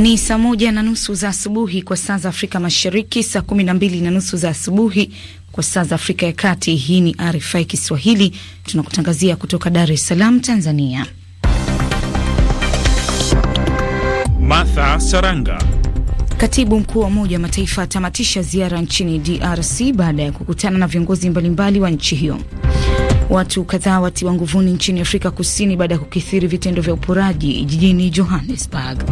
Ni saa moja na nusu za asubuhi kwa saa za Afrika Mashariki, saa kumi na mbili na nusu za asubuhi kwa saa za Afrika ya Kati. Hii ni RFI Kiswahili, tunakutangazia kutoka Dar es Salaam, Tanzania. Martha Saranga. Katibu mkuu wa Umoja wa Mataifa atamatisha ziara nchini DRC baada ya kukutana na viongozi mbalimbali wa nchi hiyo. Watu kadhaa watiwa nguvuni nchini Afrika Kusini baada ya kukithiri vitendo vya uporaji jijini Johannesburg.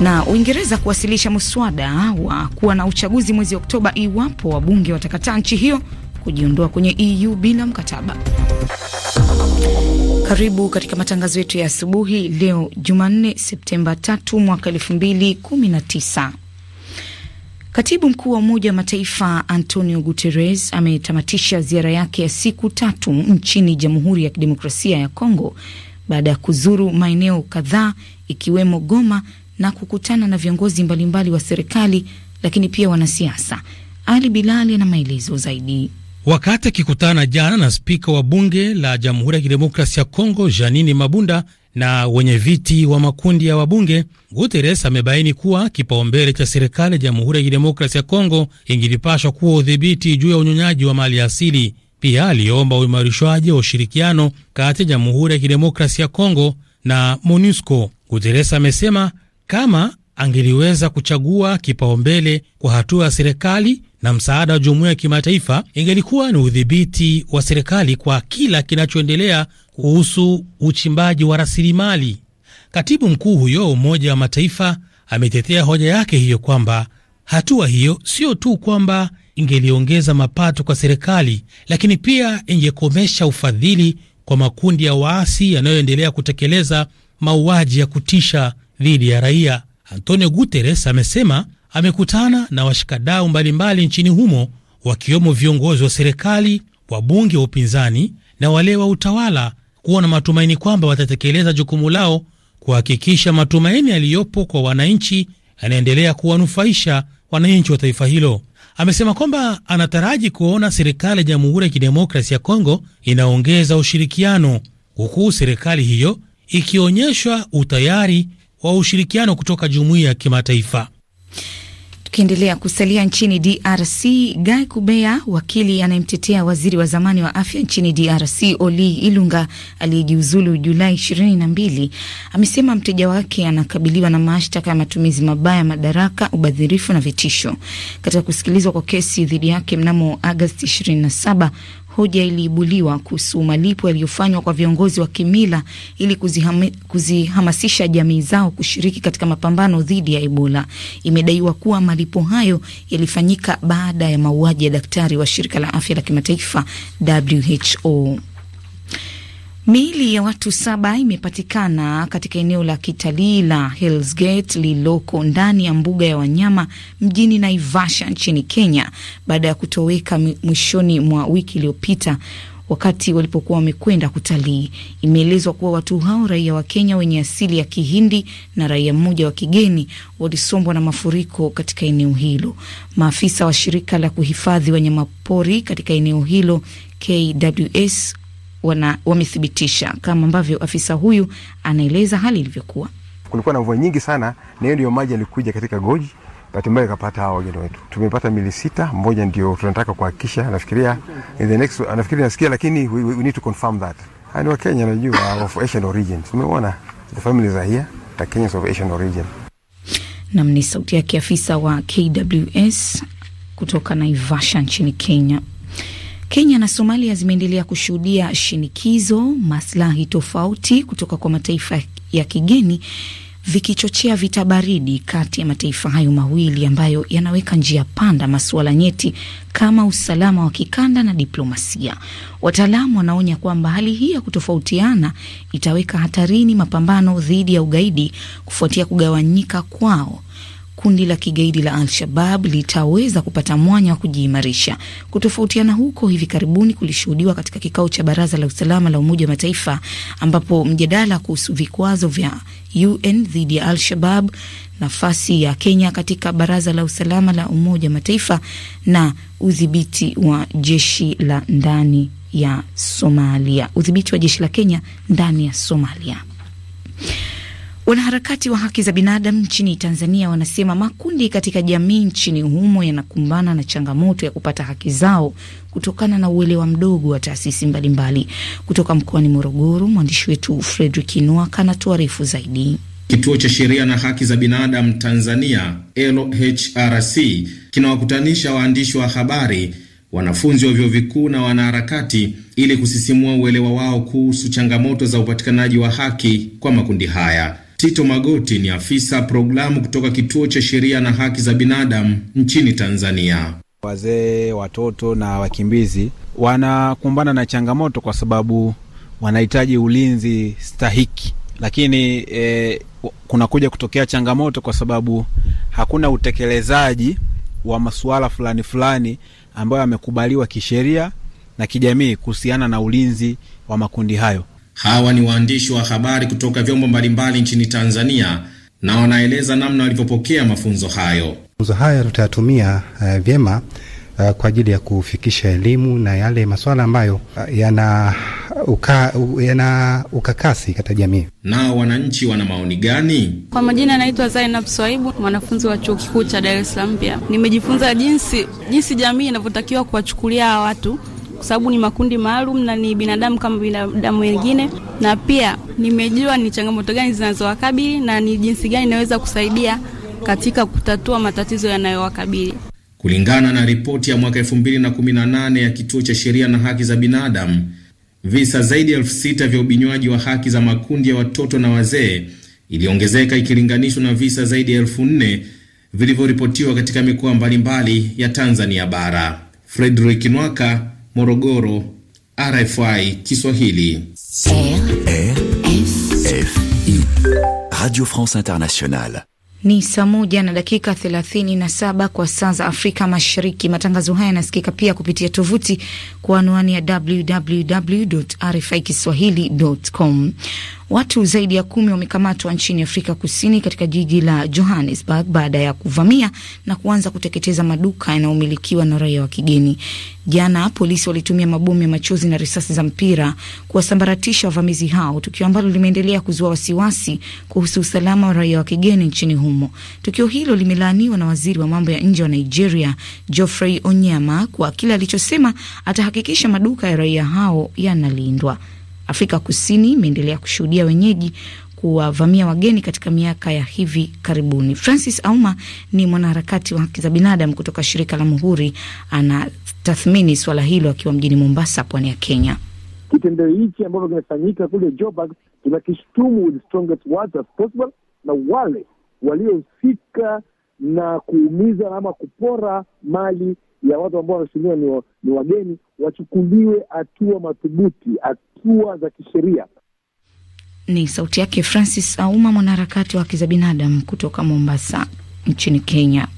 Na Uingereza kuwasilisha mswada wa kuwa na uchaguzi mwezi Oktoba iwapo wabunge watakataa nchi hiyo kujiondoa kwenye EU bila mkataba. Karibu katika matangazo yetu ya asubuhi leo Jumanne, Septemba 3 mwaka 2019. Katibu mkuu wa Umoja wa Mataifa Antonio Guterres ametamatisha ziara yake ya siku tatu nchini Jamhuri ya Kidemokrasia ya Kongo baada ya kuzuru maeneo kadhaa ikiwemo Goma na kukutana na viongozi mbalimbali wa serikali lakini pia wanasiasa. Ali Bilali ana maelezo zaidi. Wakati akikutana jana na spika wa bunge la Jamhuri ya Kidemokrasia ya Kongo Janini Mabunda na wenye viti wa makundi ya wabunge, guteres amebaini kuwa kipaumbele cha serikali ya Jamhuri ya Kidemokrasia ya Kongo ingilipashwa kuwa udhibiti juu ya unyonyaji wa mali asili. Pia aliomba uimarishwaji wa ushirikiano kati ya Jamhuri ya Kidemokrasia ya Kongo na MONUSCO. guteres amesema kama angeliweza kuchagua kipaumbele kwa hatua ya serikali na msaada wa jumuiya ya kimataifa ingelikuwa ni udhibiti wa serikali kwa kila kinachoendelea kuhusu uchimbaji wa rasilimali. Katibu mkuu huyo Umoja wa Mataifa ametetea hoja yake hiyo kwamba hatua hiyo sio tu kwamba ingeliongeza mapato kwa serikali, lakini pia ingekomesha ufadhili kwa makundi ya waasi yanayoendelea kutekeleza mauaji ya kutisha dhidi ya raia. Antonio Guterres amesema amekutana na washikadau mbalimbali nchini humo wakiwemo viongozi wa serikali, wabunge wa upinzani na wale wa utawala, kuwa na matumaini kwamba watatekeleza jukumu lao kuhakikisha matumaini yaliyopo kwa wananchi yanaendelea kuwanufaisha wananchi wa taifa hilo. Amesema kwamba anataraji kuona serikali ya Jamhuri ya Kidemokrasi ya Kongo inaongeza ushirikiano, huku serikali hiyo ikionyeshwa utayari wa ushirikiano kutoka jumuiya ya kimataifa. Tukiendelea kusalia nchini DRC, Guy Kubea, wakili anayemtetea waziri wa zamani wa afya nchini DRC Oli Ilunga aliyejiuzulu Julai 22, amesema mteja wake anakabiliwa na mashtaka ya matumizi mabaya madaraka, ubadhirifu na vitisho. Katika kusikilizwa kwa kesi dhidi yake mnamo Agasti 27, hoja iliibuliwa kuhusu malipo yaliyofanywa kwa viongozi wa kimila ili kuzihama, kuzihamasisha jamii zao kushiriki katika mapambano dhidi ya Ebola. Imedaiwa kuwa malipo hayo yalifanyika baada ya mauaji ya daktari wa shirika la afya la kimataifa WHO. Miili ya watu saba imepatikana katika eneo la kitalii la Hell's Gate lililoko ndani ya mbuga ya wanyama mjini Naivasha nchini Kenya baada ya kutoweka mwishoni mwa wiki iliyopita wakati walipokuwa wamekwenda kutalii. Imeelezwa kuwa watu hao raia wa Kenya wenye asili ya Kihindi na raia mmoja wa kigeni walisombwa na mafuriko katika eneo hilo. Maafisa wa shirika la kuhifadhi wanyamapori katika eneo hilo KWS wana, wamethibitisha kama ambavyo afisa huyu anaeleza hali ilivyokuwa. Kulikuwa na mvua nyingi sana, na hiyo ndio maji yalikuja katika goji, bahati mbaya ikapata hawa wageni wetu. Tumepata mili sita, mmoja ndio tunataka kuhakikisha, nafikiria in the next, nafikiria nasikia, lakini we, we need to confirm that ani ah, wa Kenya najua of Asian origin, tumeona the families are here the Kenyans of Asian origin. Nam ni sauti yake afisa wa KWS kutoka Naivasha nchini Kenya. Kenya na Somalia zimeendelea kushuhudia shinikizo, maslahi tofauti kutoka kwa mataifa ya kigeni vikichochea vita baridi kati ya mataifa hayo mawili ambayo yanaweka njia panda masuala nyeti kama usalama wa kikanda na diplomasia. Wataalamu wanaonya kwamba hali hii ya kutofautiana itaweka hatarini mapambano dhidi ya ugaidi kufuatia kugawanyika kwao kundi la kigaidi la Al-Shabab litaweza kupata mwanya wa kujiimarisha. Kutofautiana huko hivi karibuni kulishuhudiwa katika kikao cha Baraza la Usalama la Umoja wa Mataifa, ambapo mjadala kuhusu vikwazo vya UN dhidi ya Al-Shabab, nafasi ya Kenya katika Baraza la Usalama la Umoja wa Mataifa na udhibiti wa jeshi la ndani ya Somalia, udhibiti wa jeshi la Kenya ndani ya Somalia. Wanaharakati wa haki za binadamu nchini Tanzania wanasema makundi katika jamii nchini humo yanakumbana na changamoto ya kupata haki zao kutokana na uelewa mdogo wa taasisi mbalimbali. Kutoka mkoani Morogoro, mwandishi wetu Fredrik Inwaka anatuarifu zaidi. Kituo cha Sheria na Haki za Binadamu Tanzania LHRC kinawakutanisha waandishi wa habari, wanafunzi wa vyuo vikuu na wanaharakati ili kusisimua uelewa wao kuhusu changamoto za upatikanaji wa haki kwa makundi haya. Tito Magoti ni afisa programu kutoka kituo cha sheria na haki za binadamu nchini Tanzania. Wazee, watoto na wakimbizi wanakumbana na changamoto kwa sababu wanahitaji ulinzi stahiki, lakini e, kunakuja kutokea changamoto kwa sababu hakuna utekelezaji wa masuala fulani fulani ambayo yamekubaliwa kisheria na kijamii kuhusiana na ulinzi wa makundi hayo. Hawa ni waandishi wa habari kutoka vyombo mbalimbali nchini Tanzania na wanaeleza namna walivyopokea mafunzo hayo. Mafunzo haya tutayatumia uh, vyema uh, kwa ajili ya kufikisha elimu na yale masuala ambayo uh, yana uka, uh, yana ukakasi katika jamii. Nao wananchi wana maoni gani? Kwa majina anaitwa Zainab Swaibu, mwanafunzi wa chuo kikuu cha Dar es Salaam. Pia nimejifunza jinsi jinsi jamii inavyotakiwa kuwachukulia watu kwa sababu ni makundi maalum na ni binadamu kama binadamu wengine, na pia nimejua ni changamoto gani zinazowakabili na ni jinsi gani inaweza kusaidia katika kutatua matatizo yanayowakabili. Kulingana na ripoti ya mwaka 2018 ya kituo cha sheria na haki za binadamu, visa zaidi ya elfu sita vya ubinywaji wa haki za makundi ya watoto na wazee iliongezeka ikilinganishwa na visa zaidi ya elfu nne vilivyoripotiwa katika mikoa mbalimbali ya Tanzania bara. Frederick Nwaka, Morogoro, RFI Kiswahili. RFI, Radio France Internationale. Ni saa moja na dakika 37 kwa saa za Afrika Mashariki. Matangazo haya yanasikika pia kupitia tovuti kwa anwani ya www rfi kiswahili.com. Watu zaidi ya kumi wamekamatwa nchini Afrika Kusini katika jiji la Johannesburg baada ya kuvamia na kuanza kuteketeza maduka yanayomilikiwa na raia wa kigeni. Jana polisi walitumia mabomu ya machozi na risasi za mpira kuwasambaratisha wavamizi hao, tukio ambalo limeendelea kuzua wasiwasi kuhusu usalama wa raia wa kigeni nchini humo. Tukio hilo limelaaniwa na waziri wa mambo ya nje wa Nigeria, Geoffrey Onyema, kwa kile alichosema atahakikisha maduka ya raia hao yanalindwa. Afrika Kusini imeendelea kushuhudia wenyeji kuwavamia wageni katika miaka ya hivi karibuni. Francis Auma ni mwanaharakati wa haki za binadamu kutoka shirika la Muhuri, anatathmini suala hilo akiwa mjini Mombasa, pwani ya Kenya. Kitendo hichi ambavyo kimefanyika kule Joburg kishtumu with strongest words as possible, na wale waliohusika na kuumiza ama kupora mali ya watu ambao wanashuhumiwa ni, wa, ni wageni wachukuliwe hatua madhubuti, hatua za kisheria. Ni sauti yake Francis Auma, mwanaharakati wa haki za binadamu kutoka Mombasa nchini Kenya.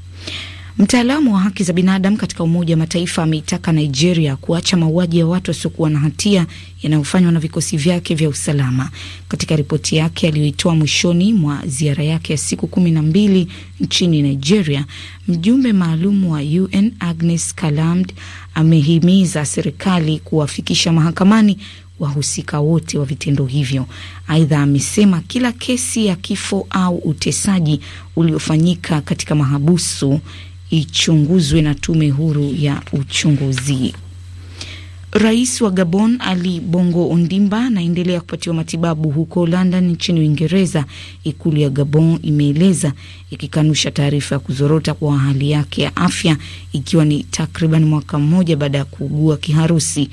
Mtaalamu wa haki za binadamu katika Umoja wa Mataifa ameitaka Nigeria kuacha mauaji ya watu wasiokuwa na hatia yanayofanywa na vikosi vyake vya usalama. Katika ripoti yake aliyoitoa mwishoni mwa ziara yake ya siku kumi na mbili nchini Nigeria, mjumbe maalum wa UN Agnes Kalamd amehimiza serikali kuwafikisha mahakamani wahusika wote wa vitendo hivyo. Aidha, amesema kila kesi ya kifo au utesaji uliofanyika katika mahabusu ichunguzwe na tume huru ya uchunguzi. Rais wa Gabon Ali Bongo Ondimba anaendelea kupatiwa matibabu huko London nchini Uingereza, ikulu ya Gabon imeeleza ikikanusha taarifa ya kuzorota kwa hali yake ya afya, ikiwa ni takriban mwaka mmoja baada ya kuugua kiharusi.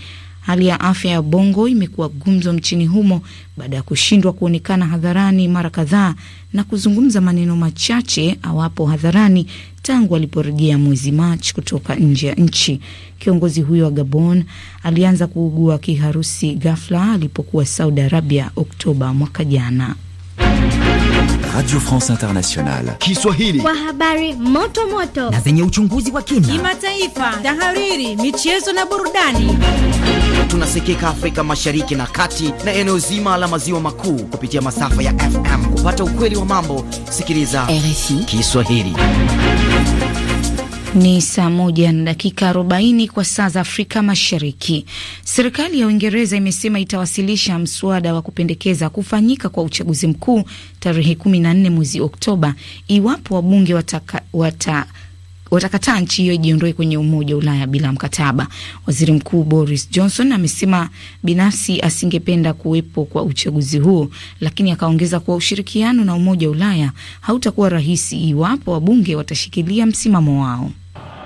Hali ya afya ya Bongo imekuwa gumzo nchini humo baada ya kushindwa kuonekana hadharani mara kadhaa na kuzungumza maneno machache awapo hadharani tangu aliporejea mwezi Machi kutoka nje ya nchi. Kiongozi huyo wa Gabon alianza kuugua kiharusi ghafla alipokuwa Saudi Arabia Oktoba mwaka jana. Radio France Internationale Kiswahili kwa habari moto moto na zenye uchunguzi wa kina, kimataifa, tahariri, michezo na burudani tunasikika Afrika Mashariki na Kati na eneo zima la maziwa makuu kupitia masafa ya FM. Kupata ukweli wa mambo, sikiliza RFI Kiswahili. Ni saa moja na dakika arobaini kwa saa za Afrika Mashariki. Serikali ya Uingereza imesema itawasilisha mswada wa kupendekeza kufanyika kwa uchaguzi mkuu tarehe 14 mwezi Oktoba iwapo wabunge wataka, wata watakataa nchi hiyo ijiondoe kwenye Umoja wa Ulaya bila mkataba. Waziri Mkuu Boris Johnson amesema binafsi asingependa kuwepo kwa uchaguzi huo, lakini akaongeza kuwa ushirikiano na Umoja wa Ulaya hautakuwa rahisi iwapo wabunge watashikilia msimamo wao.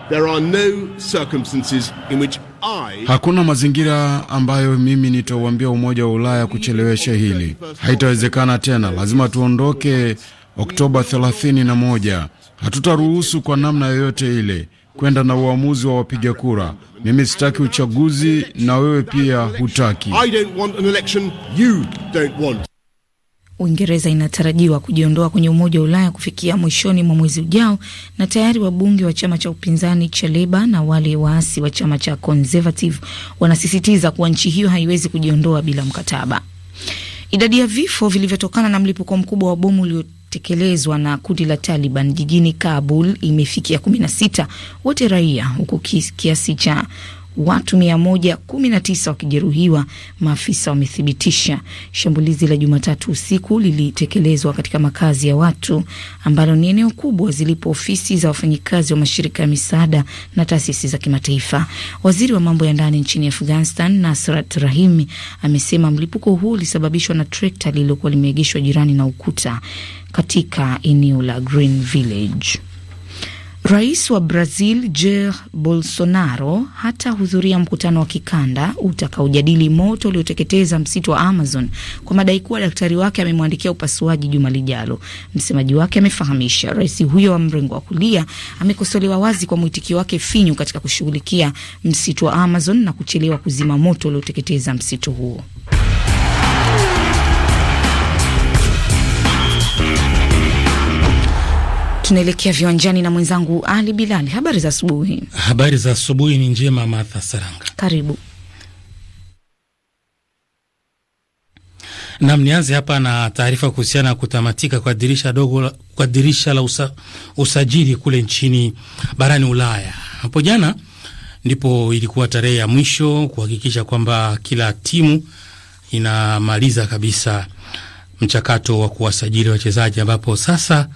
There are no circumstances in which I... hakuna mazingira ambayo mimi nitauambia Umoja wa Ulaya kuchelewesha hili. Haitawezekana tena, lazima tuondoke Oktoba 31. Hatutaruhusu kwa namna yoyote ile kwenda na uamuzi wa wapiga kura. Mimi sitaki uchaguzi na wewe pia hutaki. Uingereza inatarajiwa kujiondoa kwenye Umoja wa Ulaya kufikia mwishoni mwa mwezi ujao, na tayari wabunge wa chama cha upinzani cha Leba na wale waasi wa chama cha Conservative wanasisitiza kuwa nchi hiyo haiwezi kujiondoa bila mkataba. Idadi ya vifo vilivyotokana na mlipuko mkubwa wa bomu ulio tekelezwa na kundi la Taliban jijini Kabul imefikia 16, wote raia, huku kiasi cha watu 119 wakijeruhiwa, maafisa wamethibitisha. Shambulizi la Jumatatu usiku lilitekelezwa katika makazi ya watu ambalo ni eneo kubwa zilipo ofisi za wafanyikazi wa mashirika ya misaada na taasisi za kimataifa. Waziri wa mambo ya ndani nchini Afghanistan, Nasrat Rahimi, amesema mlipuko huu ulisababishwa na trekta lililokuwa limeegeshwa jirani na ukuta katika eneo la Green Village. Rais wa Brazil Jair Bolsonaro hatahudhuria mkutano wa kikanda utakaojadili moto ulioteketeza msitu wa Amazon kwa madai kuwa daktari wake amemwandikia upasuaji juma lijalo. Msemaji wake amefahamisha, rais huyo wa mrengo wa kulia amekosolewa wazi kwa mwitikio wake finyu katika kushughulikia msitu wa Amazon na kuchelewa kuzima moto ulioteketeza msitu huo. Tunaelekea viwanjani na mwenzangu Ali Bilali. Habari za asubuhi. Habari za asubuhi ni njema, Martha Saranga, karibu Nam, nianze hapa na taarifa kuhusiana na kutamatika kwa dirisha dogo, kwa dirisha la usa, usajili kule nchini barani Ulaya. Hapo jana ndipo ilikuwa tarehe ya mwisho kuhakikisha kwamba kila timu inamaliza kabisa mchakato wa kuwasajili wachezaji, ambapo sasa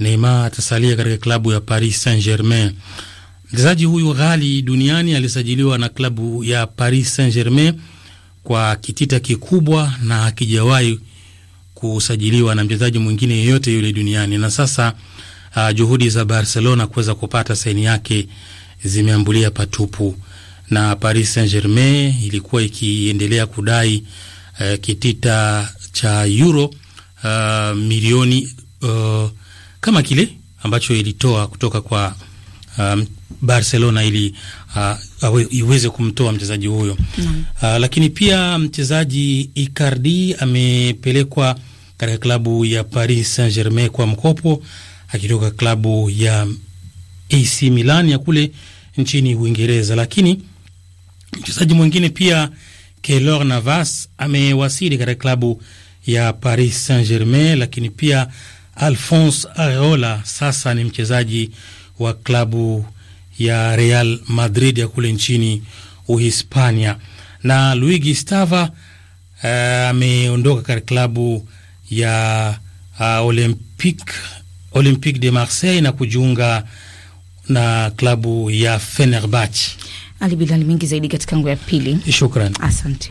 Neymar atasalia katika klabu ya Paris Saint-Germain. Mchezaji huyu ghali duniani alisajiliwa na klabu ya Paris Saint-Germain kwa kitita kikubwa na akijawahi kusajiliwa na mchezaji mwingine yeyote yule duniani. Na sasa uh, juhudi za Barcelona kuweza kupata saini yake zimeambulia patupu, na Paris Saint-Germain ilikuwa ikiendelea kudai uh, kitita cha euro uh, milioni uh, kama kile ambacho ilitoa kutoka kwa um, Barcelona ili uh, iweze kumtoa mchezaji huyo Uh, lakini pia mchezaji Icardi amepelekwa katika klabu ya Paris Saint-Germain kwa mkopo akitoka klabu ya AC Milan ya kule nchini Uingereza. Lakini mchezaji mwingine pia Keylor Navas amewasili katika klabu ya Paris Saint-Germain, lakini pia Alphonse Areola sasa ni mchezaji wa klabu ya Real Madrid ya kule nchini Uhispania. Na Luigi Stava eh, ameondoka uh, katika klabu ya uh, Olympique, Olympique de Marseille na kujiunga na klabu ya Fenerbahce. Ali Bilali, zaidi katika ngo ya pili. Shukran, asante.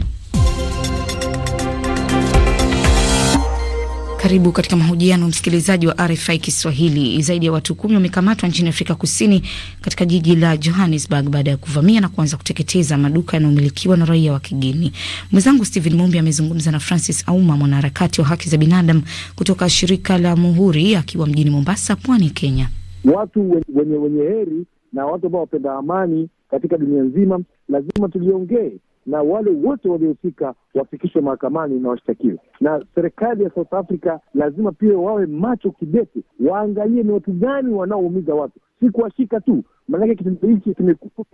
Karibu katika mahojiano, msikilizaji wa RFI Kiswahili. Zaidi ya watu kumi wamekamatwa nchini Afrika Kusini katika jiji la Johannesburg baada ya kuvamia na kuanza kuteketeza maduka yanayomilikiwa na raia wa kigeni. Mwenzangu Stephen Mumbi amezungumza na Francis Auma, mwanaharakati wa haki za binadamu kutoka shirika la Muhuri, akiwa mjini Mombasa, pwani ya Kenya. Watu wenye wenye heri na watu ambao wapenda amani katika dunia nzima lazima tuliongee na wale wote waliohusika wafikishwe mahakamani na washtakiwe. Na serikali ya South Africa lazima pia wawe macho kidete, waangalie ni watu gani wanaoumiza watu, si kuwashika tu, maanake kitendo hichi kimekuwa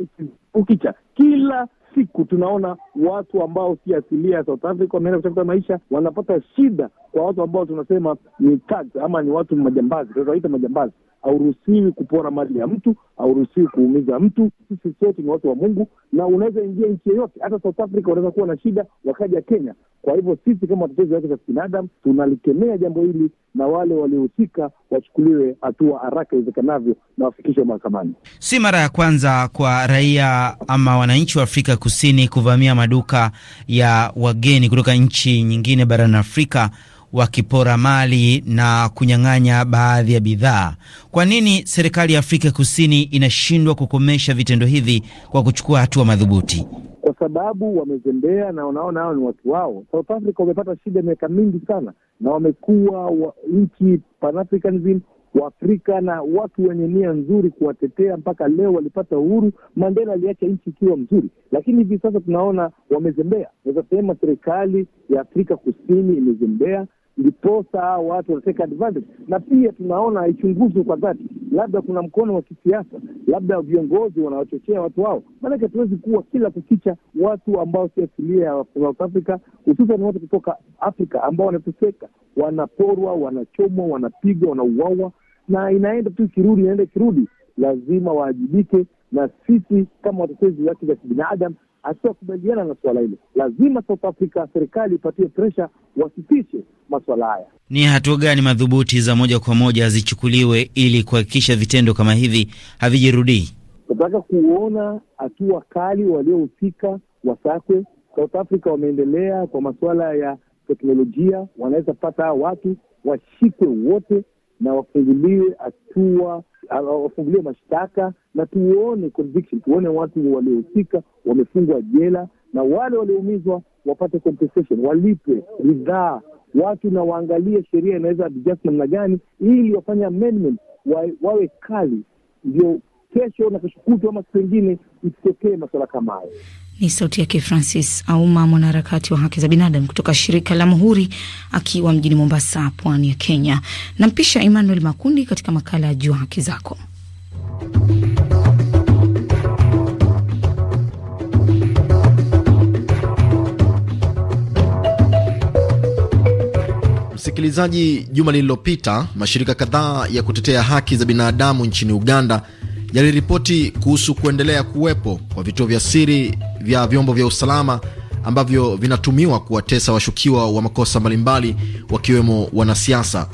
ukicha kila siku tunaona watu ambao si asilia ya South Africa wameenda kutafuta maisha, wanapata shida kwa watu ambao tunasema ni thugs ama ni watu majambazi, tunaita majambazi hauruhusiwi kupora mali ya mtu, hauruhusiwi kuumiza mtu. Sisi sote ni watu wa Mungu, na unaweza ingia nchi yeyote, hata South Africa unaweza kuwa na shida, wakaja Kenya. Kwa hivyo sisi kama watetezi wake za kibinadamu tunalikemea jambo hili, na wale waliohusika wachukuliwe hatua haraka iwezekanavyo na wafikishwe mahakamani. Si mara ya kwanza kwa raia ama wananchi wa Afrika Kusini kuvamia maduka ya wageni kutoka nchi nyingine barani Afrika wakipora mali na kunyang'anya baadhi ya bidhaa. Kwa nini serikali ya Afrika Kusini inashindwa kukomesha vitendo hivi kwa kuchukua hatua madhubuti? Kwa sababu wamezembea na wanaona hao ni watu wao. South Africa wamepata shida miaka mingi sana, na wamekuwa wa nchi Pan-Africanism Waafrika na watu wenye nia nzuri kuwatetea mpaka leo walipata uhuru. Mandela aliacha nchi ikiwa mzuri, lakini hivi sasa tunaona wamezembea. Naweza sema serikali ya Afrika Kusini imezembea, ndiposa hao watu wanateka advantage, na pia tunaona ichunguzwe kwa dhati. Labda kuna mkono wa kisiasa, labda viongozi wanawachochea watu wao, maanake hatuwezi kuwa kila kukicha watu ambao si asilia ya South Africa, hususan watu kutoka Afrika ambao wanateseka, wanaporwa, wanachomwa, wanapigwa, wanauawa na inaenda tu ikirudi, inaenda ikirudi, lazima waajibike. Na sisi kama watetezi wa haki za kibinadamu hatutakubaliana na suala hilo. Lazima South Africa serikali ipatie presha, wasitishe maswala haya. Ni hatua gani madhubuti za moja kwa moja zichukuliwe ili kuhakikisha vitendo kama hivi havijirudii? Nataka kuona hatua kali, waliohusika wasakwe. South Africa wameendelea kwa masuala ya teknolojia, wanaweza pata hawa watu washikwe wote, na wafunguliwe hatua, wafungulie mashtaka na tuone conviction, tuone watu waliohusika wamefungwa jela na wale walioumizwa wapate compensation, walipwe ridhaa watu na waangalie sheria inaweza adjust namna gani, ili wafanye amendment wa, wawe kali, ndio kesho na kesho kutwa ama siku ingine isitokee masuala kama hayo. Ni sauti yake Francis Auma, mwanaharakati wa haki za binadamu kutoka shirika la Muhuri, akiwa mjini Mombasa, pwani ya Kenya. Nampisha Emmanuel Makundi katika makala ya Jua Haki Zako. Msikilizaji, juma lililopita mashirika kadhaa ya kutetea haki za binadamu nchini Uganda yaliripoti kuhusu kuendelea kuwepo kwa vituo vya siri vya vyombo vya usalama ambavyo vinatumiwa kuwatesa washukiwa wa makosa mbalimbali wakiwemo wanasiasa.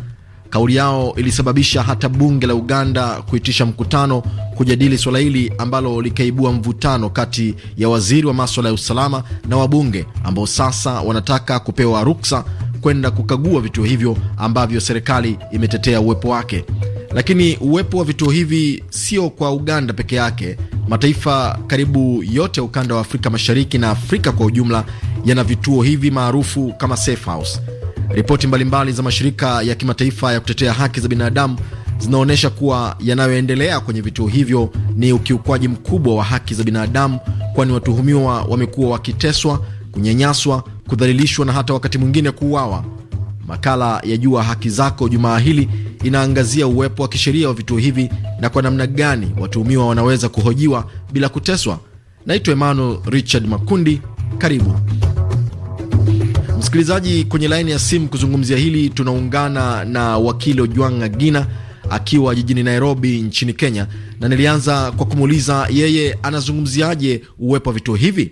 Kauli yao ilisababisha hata bunge la Uganda kuitisha mkutano kujadili suala hili ambalo likaibua mvutano kati ya waziri wa maswala ya usalama na wabunge ambao sasa wanataka kupewa ruksa kwenda kukagua vituo hivyo ambavyo serikali imetetea uwepo wake. Lakini uwepo wa vituo hivi sio kwa Uganda peke yake. Mataifa karibu yote ya ukanda wa Afrika Mashariki na Afrika kwa ujumla yana vituo hivi maarufu kama safe house. Ripoti mbalimbali za mashirika ya kimataifa ya kutetea haki za binadamu zinaonyesha kuwa yanayoendelea kwenye vituo hivyo ni ukiukwaji mkubwa wa haki za binadamu, kwani watuhumiwa wamekuwa wakiteswa, kunyanyaswa, kudhalilishwa na hata wakati mwingine kuuawa. Makala ya Jua Haki Zako jumaa hili inaangazia uwepo wa kisheria wa vituo hivi na kwa namna gani watuhumiwa wanaweza kuhojiwa bila kuteswa. Naitwa Emmanuel Richard Makundi. Karibu msikilizaji kwenye laini ya simu. Kuzungumzia hili tunaungana na wakili Ojwanga Agina akiwa jijini Nairobi nchini Kenya, na nilianza kwa kumuuliza yeye anazungumziaje uwepo wa vituo hivi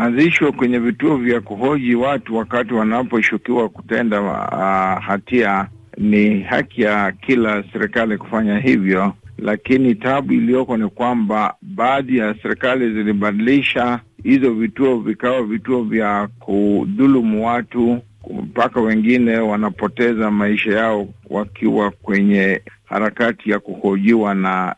anzishwe kwenye vituo vya kuhoji watu wakati wanaposhukiwa kutenda uh, hatia. Ni haki ya kila serikali kufanya hivyo, lakini tabu iliyoko ni kwamba baadhi ya serikali zilibadilisha hizo vituo vikawa vituo vya kudhulumu watu mpaka wengine wanapoteza maisha yao wakiwa kwenye harakati ya kuhojiwa na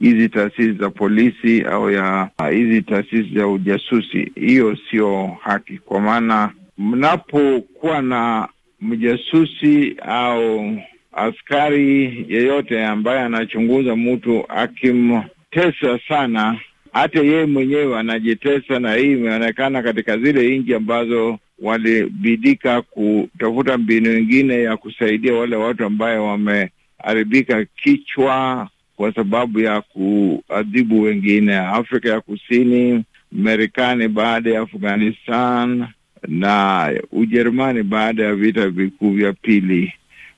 hizi taasisi za polisi au ya hizi taasisi za ujasusi. Hiyo sio haki, kwa maana mnapokuwa na mjasusi au askari yeyote ambaye anachunguza mtu akimtesa sana, hata yeye mwenyewe anajitesa, na hii imeonekana katika zile nchi ambazo walibidika kutafuta mbinu ingine ya kusaidia wale watu ambaye wame haribika kichwa kwa sababu ya kuadhibu wengine. Afrika ya Kusini, Marekani baada ya Afghanistan na Ujerumani baada ya vita vikuu vya pili.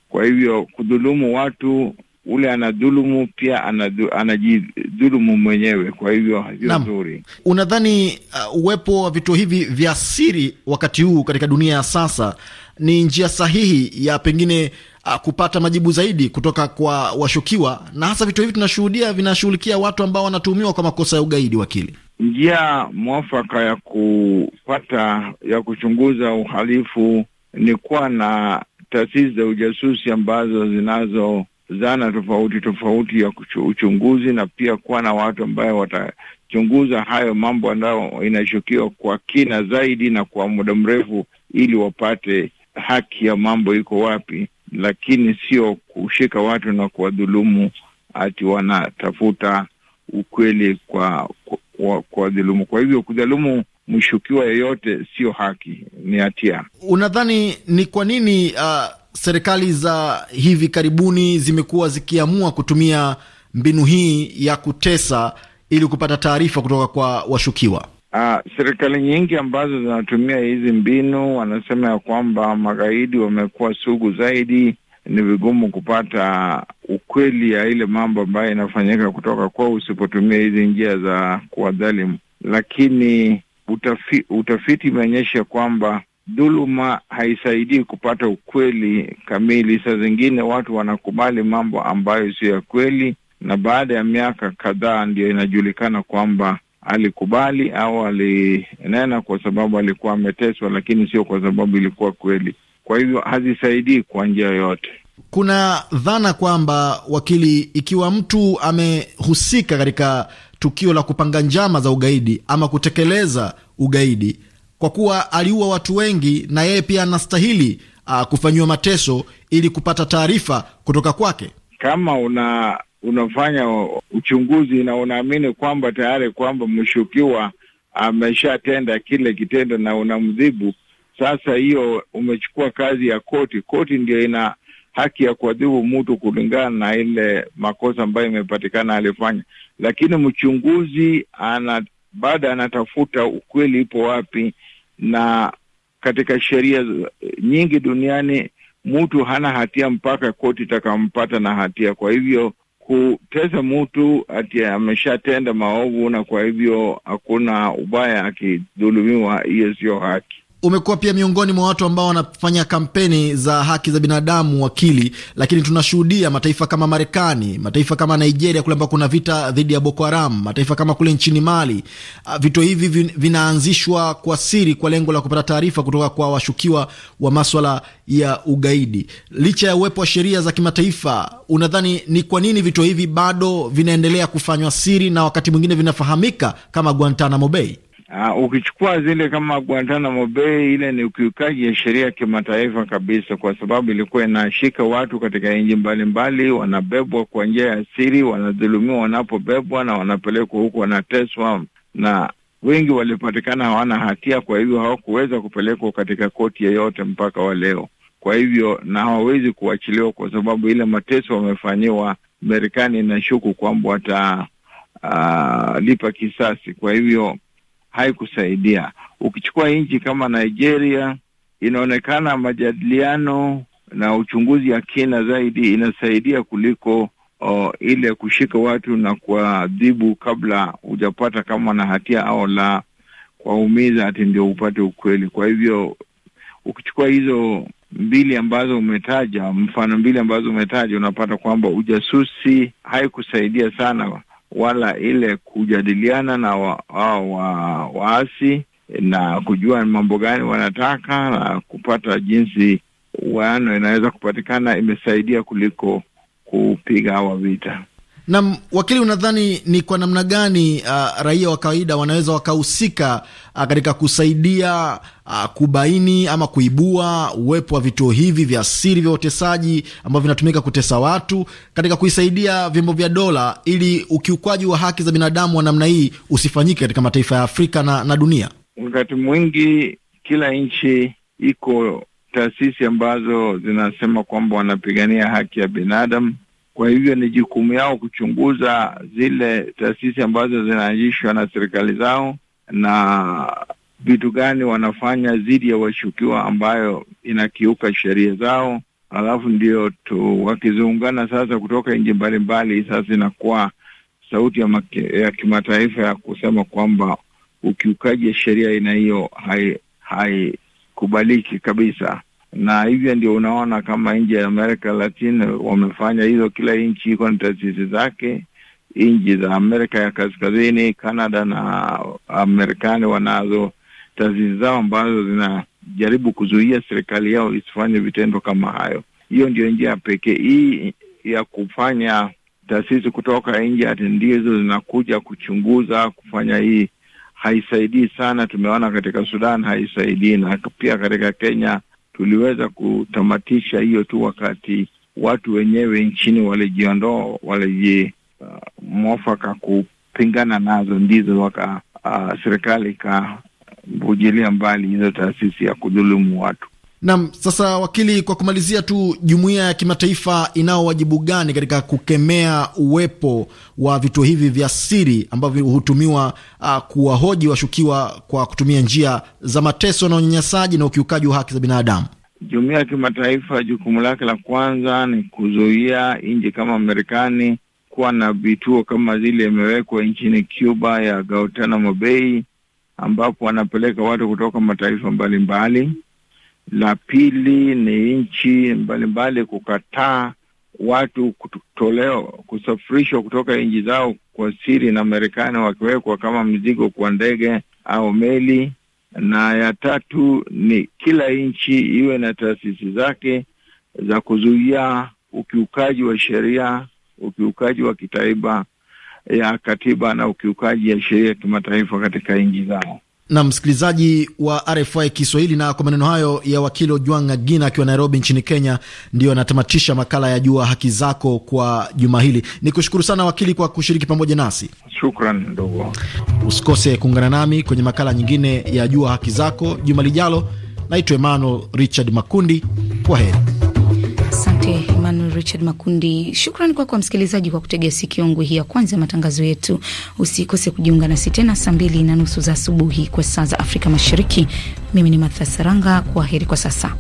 Kwa hivyo kudhulumu watu ule anadhulumu pia anadu, anajidhulumu mwenyewe. Kwa hivyo nzuri. Unadhani uh, uwepo wa vituo hivi vya siri wakati huu katika dunia ya sasa ni njia sahihi ya pengine Uh, kupata majibu zaidi kutoka kwa washukiwa, na hasa vituo hivi tunashuhudia vinashughulikia watu ambao wanatuhumiwa kwa makosa ya ugaidi. Wakili, njia mwafaka ya kupata ya kuchunguza uhalifu ni kuwa na taasisi za ujasusi ambazo zinazo zana tofauti tofauti ya uchunguzi na pia kuwa na watu ambayo watachunguza hayo mambo ambayo inashukiwa kwa kina zaidi na kwa muda mrefu, ili wapate haki ya mambo iko wapi lakini sio kushika watu na kuwadhulumu ati wanatafuta ukweli kwa kuwadhulumu. Kwa, hivyo kudhulumu mshukiwa yeyote sio haki, ni hatia. Unadhani ni kwa nini uh, serikali za hivi karibuni zimekuwa zikiamua kutumia mbinu hii ya kutesa ili kupata taarifa kutoka kwa washukiwa? Uh, serikali nyingi ambazo zinatumia hizi mbinu wanasema ya kwamba magaidi wamekuwa sugu zaidi, ni vigumu kupata ukweli ya ile mambo ambayo inafanyika kutoka kwao usipotumia hizi njia za kuwadhalimu. Lakini utafi, utafiti imeonyesha kwamba dhuluma haisaidii kupata ukweli kamili. Saa zingine watu wanakubali mambo ambayo sio ya kweli, na baada ya miaka kadhaa ndio inajulikana kwamba alikubali au alinena kwa sababu alikuwa ameteswa, lakini sio kwa sababu ilikuwa kweli. Kwa hivyo hazisaidii kwa njia yoyote. Kuna dhana kwamba wakili, ikiwa mtu amehusika katika tukio la kupanga njama za ugaidi ama kutekeleza ugaidi, kwa kuwa aliua watu wengi, na yeye pia anastahili uh, kufanyiwa mateso ili kupata taarifa kutoka kwake. Kama una unafanya uchunguzi na unaamini kwamba tayari kwamba mshukiwa ameshatenda kile kitendo na unamdhibu. Sasa hiyo umechukua kazi ya koti. Koti ndio ina haki ya kuadhibu mtu kulingana na ile makosa ambayo imepatikana alifanya, lakini mchunguzi ana baada anatafuta ukweli ipo wapi, na katika sheria nyingi duniani mtu hana hatia mpaka koti itakampata na hatia. Kwa hivyo kutesa mtu ati ameshatenda maovu na kwa hivyo hakuna ubaya akidhulumiwa, hiyo sio haki umekuwa pia miongoni mwa watu ambao wanafanya kampeni za haki za binadamu, wakili. Lakini tunashuhudia mataifa kama Marekani, mataifa kama Nigeria kule ambao kuna vita dhidi ya Boko Haram, mataifa kama kule nchini Mali, ah, vito hivi vinaanzishwa kwa siri kwa lengo la kupata taarifa kutoka kwa washukiwa wa maswala ya ugaidi. Licha ya uwepo wa sheria za kimataifa, unadhani ni kwa nini vito hivi bado vinaendelea kufanywa siri na wakati mwingine vinafahamika kama Guantanamo Bay? Uh, ukichukua zile kama Guantanamo Bay, ile ni ukiukaji ya sheria ya kimataifa kabisa, kwa sababu ilikuwa inashika watu katika nchi mbalimbali, wanabebwa kwa njia ya siri, wanadhulumiwa wanapobebwa na wanapelekwa huku, wanateswa na wengi walipatikana hawana hatia, kwa hivyo hawakuweza kupelekwa katika koti yeyote mpaka wa leo. Kwa hivyo na hawawezi kuachiliwa kwa sababu ile mateso wamefanyiwa, Marekani inashuku kwamba watalipa ah, uh, kisasi. Kwa hivyo haikusaidia. Ukichukua nchi kama Nigeria, inaonekana majadiliano na uchunguzi ya kina zaidi inasaidia kuliko o, oh, ile kushika watu na kuadhibu kabla hujapata kama na hatia au la, kuwaumiza ati ndio upate ukweli. Kwa hivyo ukichukua hizo mbili ambazo umetaja, mfano mbili ambazo umetaja, unapata kwamba ujasusi haikusaidia sana wala ile kujadiliana na wa, wa, wa, waasi na kujua mambo gani wanataka na kupata jinsi wano inaweza kupatikana imesaidia kuliko kupiga hawa vita. Nam wakili, unadhani ni kwa namna gani uh, raia wa kawaida wanaweza wakahusika uh, katika kusaidia uh, kubaini ama kuibua uwepo wa vituo hivi vya siri vya utesaji ambavyo vinatumika kutesa watu katika kuisaidia vyombo vya dola ili ukiukwaji wa haki za binadamu wa namna hii usifanyike katika mataifa ya Afrika na, na dunia? Wakati mwingi kila nchi iko taasisi ambazo zinasema kwamba wanapigania haki ya binadamu kwa hivyo ni jukumu yao kuchunguza zile taasisi ambazo zinaanzishwa na serikali zao na vitu gani wanafanya dhidi ya washukiwa ambayo inakiuka sheria zao, alafu ndio tu wakiziungana sasa kutoka nchi mbalimbali, sasa inakuwa sauti ya, ya kimataifa ya kusema kwamba ukiukaji wa sheria aina hiyo haikubaliki hai kabisa na hivyo ndio unaona kama nchi ya Amerika Latin wamefanya hizo, kila nchi iko na taasisi zake. Nchi za Amerika ya Kaskazini, Canada na Amerikani wanazo taasisi zao ambazo zinajaribu kuzuia serikali yao isifanye vitendo kama hayo. Hiyo ndio njia pekee hii ya kufanya taasisi kutoka nje ati ndizo zinakuja kuchunguza kufanya hii, haisaidii sana. Tumeona katika Sudan haisaidii, na pia katika Kenya tuliweza kutamatisha hiyo tu wakati watu wenyewe nchini walijiondoa, walijimwafaka uh, kupingana nazo ndizo waka uh, serikali ikavujilia mbali hizo taasisi ya kudhulumu watu. Nam, sasa wakili, kwa kumalizia tu, jumuiya ya kimataifa inao wajibu gani katika kukemea uwepo wa vituo hivi vya siri ambavyo hutumiwa uh, kuwahoji washukiwa kwa kutumia njia za mateso na unyanyasaji na ukiukaji wa haki za binadamu? Jumuiya ya kimataifa jukumu lake la kwanza ni kuzuia nchi kama Marekani kuwa na vituo kama zile imewekwa nchini Cuba ya Guantanamo Bay, ambapo wanapeleka watu kutoka mataifa mbalimbali mbali. La pili ni nchi mbalimbali kukataa watu kutolewa kusafirishwa kutoka nchi zao kwa siri na Marekani wakiwekwa kama mzigo kwa ndege au meli. Na ya tatu ni kila nchi iwe na taasisi zake za kuzuia ukiukaji wa sheria, ukiukaji wa kitaiba ya katiba na ukiukaji ya sheria ya kimataifa katika nchi zao na msikilizaji wa RFI Kiswahili. Na kwa maneno hayo ya wakili Ojwang Agina akiwa Nairobi nchini Kenya, ndiyo anatamatisha makala ya Jua Haki Zako kwa juma hili. Ni kushukuru sana wakili kwa kushiriki pamoja nasi. Shukran ndogo. Usikose kuungana nami kwenye makala nyingine ya Jua Haki Zako juma lijalo. Naitwa Emmanuel Richard Makundi, kwa heri asante Emmanuel Richard Makundi. Shukran kwako kwa msikilizaji kwa kutegea sikio ngwe hii ya kwanza ya matangazo yetu. Usikose kujiunga nasi tena saa mbili na nusu za asubuhi kwa saa za Afrika Mashariki. Mimi ni Matha Saranga, kwa heri kwa sasa.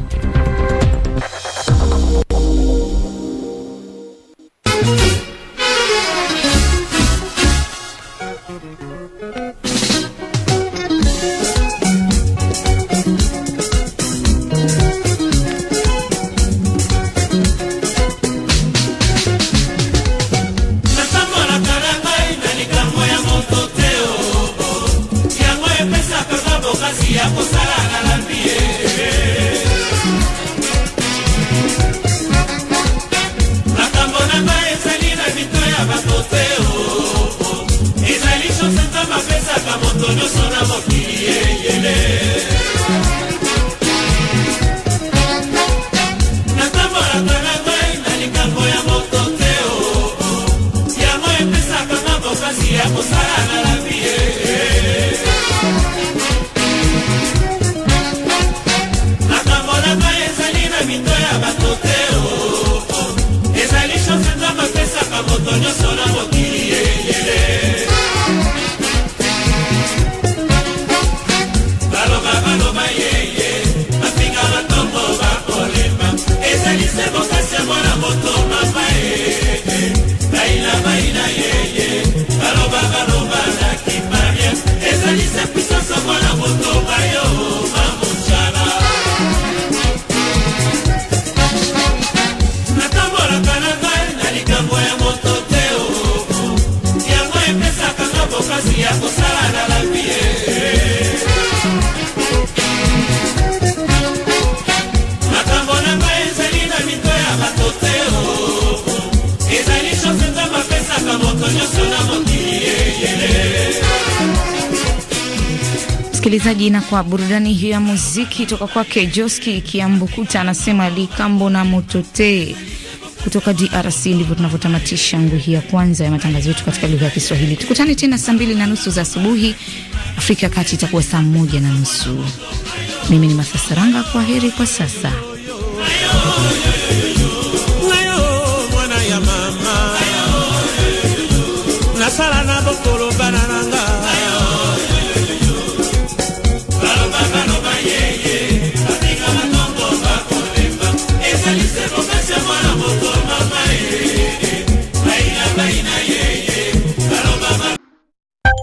msikilizaji, na kwa burudani hiyo ya muziki toka kwake Joski Kiambukuta anasema likambo na motote kutoka DRC. Ndivyo tunavyotamatisha nguu hii ya kwanza ya matangazo yetu katika lugha ya Kiswahili. Tukutane tena saa mbili na nusu za asubuhi, Afrika ya Kati itakuwa saa moja na nusu. Mimi ni Masasaranga, kwa heri kwa sasa.